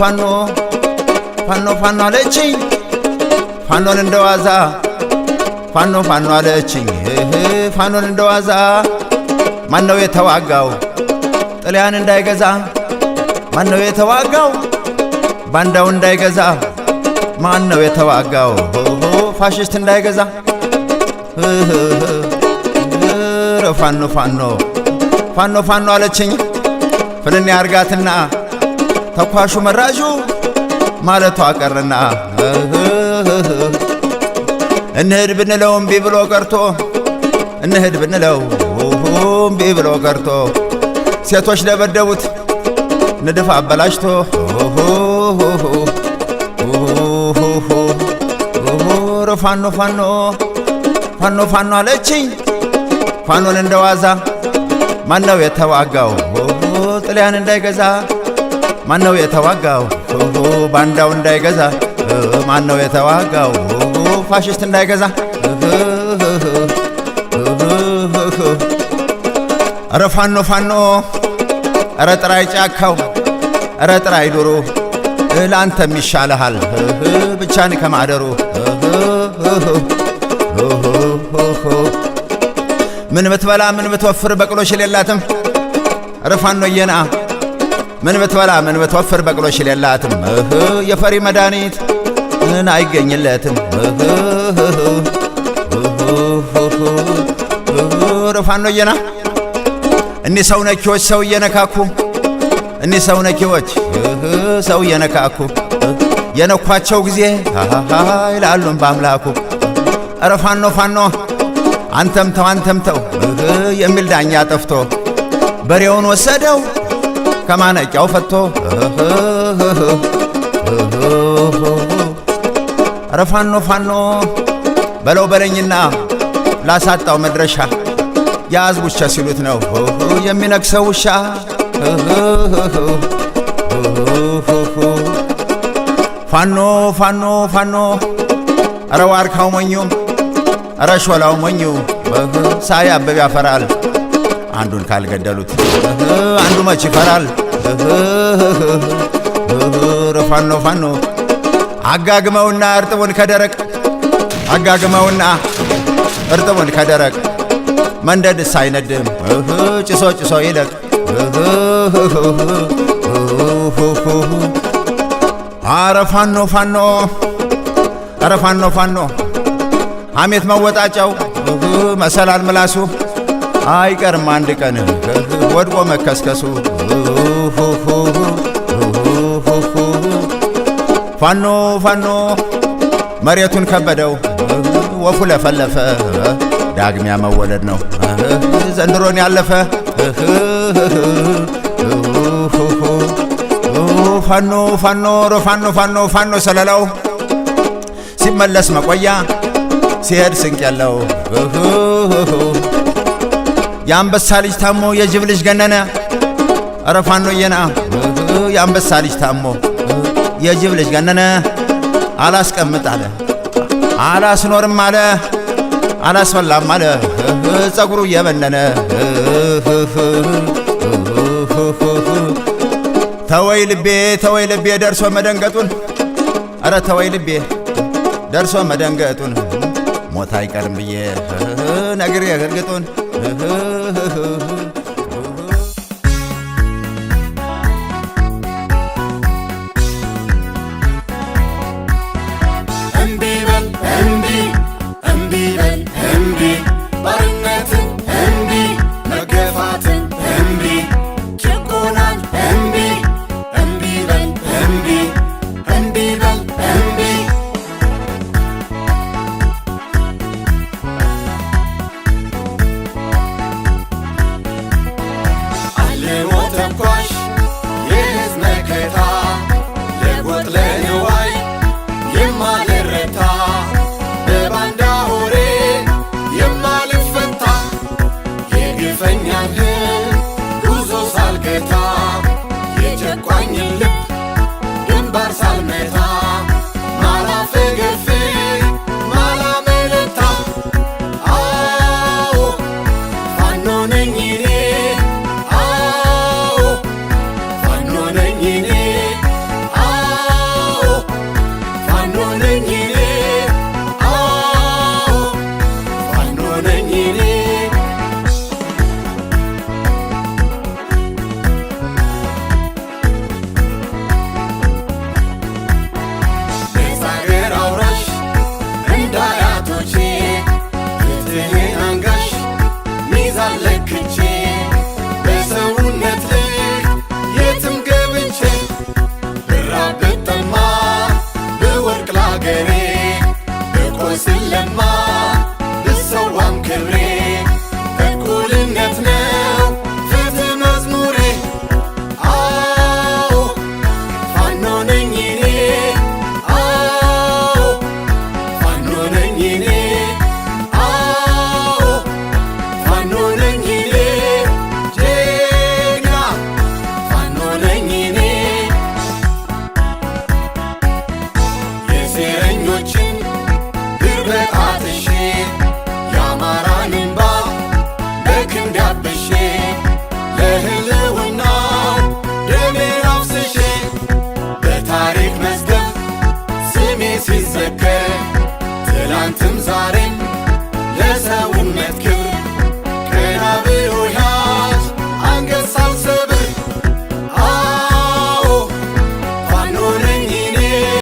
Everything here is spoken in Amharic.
ፋኖ ፋኖ ፋኖ አለችኝ ፋኖን እንደዋዛ ፋኖ ፋኖ አለችኝ ፋኖን እንደዋዛ ማነው የተዋጋው ጥልያን እንዳይገዛ ማነው የተዋጋው ባንዳው እንዳይገዛ ማነው የተዋጋው ፋሽስት እንዳይገዛ ፋኖ ፋኖ ፋኖ ፋኖ አለችኝ ፍልን ያርጋትና ተኳሹ መራዡ ማለቷ ቀርና እንሂድ ብንለው እምቢ ብሎ ቀርቶ እንሂድ ብንለው እምቢ ብሎ ቀርቶ ሴቶች ለበደቡት ንድፍ አበላሽቶ ፋኖ ፋኖ ፋኖ ፋኖ አለችኝ ፋኖን እንደዋዛ ማነው የተዋጋው ጥልያን እንዳይገዛ ማነው የተዋጋው ኮንጎ ባንዳው እንዳይገዛ? ማነው የተዋጋው ኮንጎ ፋሽስት እንዳይገዛ? እረ ፋኖ ፋኖ፣ እረ ጥራይ ጫካው፣ እረ ጥራይ ዶሮ፣ ለአንተም ይሻልሃል ብቻን ከማደሩ ምን ብትበላ ምን ብትወፍር በቅሎሽ የሌላትም ኧረ የና? ምን ብትበላ ምን ብትወፍር በቅሎሽ የሌላትም የፈሪ መድኃኒት ምን አይገኝለትም። ፋኖ የና እኒህ ሰው ነኪዎች ሰው እየነካኩ እኒህ ሰው ነኪዎች ሰው እየነካኩ የነኳቸው ጊዜ ይላሉም በአምላኩ እረ ፋኖ ፋኖ አንተምተው አንተምተው የሚል ዳኛ ጠፍቶ በሬውን ወሰደው ከማነቂያው ፈቶ ኧረ ፋኖ ፋኖ በለው በለኝና ላሳጣው መድረሻ የአዝ ውሻ ሲሉት ነው የሚነክሰው ውሻ ፋኖ ፋኖ ፋኖ ኧረ ዋርካው ሞኙ ኧረ ሾላው ሞኙ ሳይ አበብ ያፈራል አንዱን ካልገደሉት አንዱ መች ይፈራል? ፋኖ ፋኖ አጋግመውና እርጥቡን ከደረቅ አጋግመውና እርጥቡን ከደረቅ መንደድስ አይነድም ጭሶ ጭሶ ይለቅ አረ ፋኖ ፋኖ አረ ፋኖ ፋኖ አሜት መወጣጫው መሰላል ምላሱ አይቀርም አንድ ቀን ወድቆ መከስከሱ። ፋኖ ፋኖ መሬቱን ከበደው ወፉ ለፈለፈ። ዳግሚያ መወለድ ነው ዘንድሮን ያለፈ። ፋኖ ፋኖ ፋኖ ፋኖ ፋኖ ሰለላው ሲመለስ መቆያ ሲሄድ ስንቅ ያለው የአንበሳ ልጅ ታሞ የጅብ ልጅ ገነነ አረፋን ነው የና የአንበሳ ልጅ ታሞ የጅብ ልጅ ገነነ አላስቀምጥ አለ አላስኖርም አለ አላስበላም አለ ጸጉሩ እየበነነ ተወይ ልቤ ተወይ ልቤ ደርሶ መደንገጡን አረ ተወይ ልቤ ደርሶ መደንገጡን ሞት አይቀርም ብዬ ነግሬ እርግጡን oh, I'm Mantığım